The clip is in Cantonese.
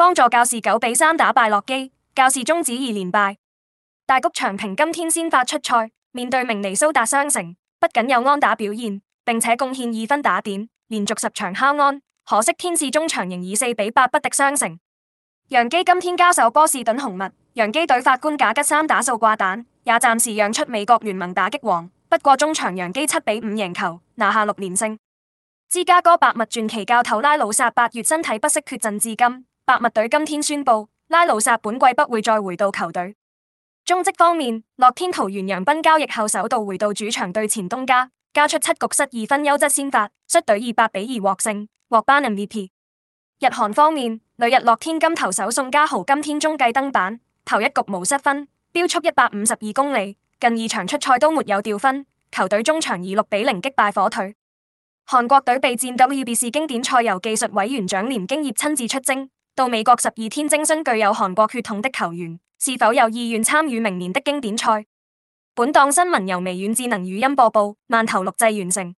幫助教士九比三打敗洛磯，教士終止二連敗。大谷長平今天先發出賽，面對明尼蘇達雙城，不僅有安打表現，並且貢獻二分打點，連續十場敲安。可惜天使中場仍以四比八不敵雙城。洋基今天交手波士頓紅襪，洋基隊法官賈吉三打數掛蛋，也暫時讓出美國聯盟打擊王。不過中場洋基七比五贏球，拿下六連勝。芝加哥白襪傳奇教頭拉魯薩八月身體不適缺陣至今。白襪隊今天宣布，拉魯薩本季不會再回到球隊。中職方面，樂天桃園楊斌交易後，首度回到主場對前東家，交出七局失二分優質先發，率隊以八比二獲勝，獲頒 MVP。日韓方面，旅日樂天金投手宋家豪今天中繼登板，頭一局無失分，飆速一百五十二公里，近二場出賽都沒有掉分，球隊中場以六比零擊敗火腿。韓國隊備戰 WBC 經典賽，由技術委員長廉京燁，業親自出征。到美國十二天徵詢具有韓國血統的球員是否有意願參與明年的經典賽。本檔新聞由微軟智能語音播報，饅頭錄製完成。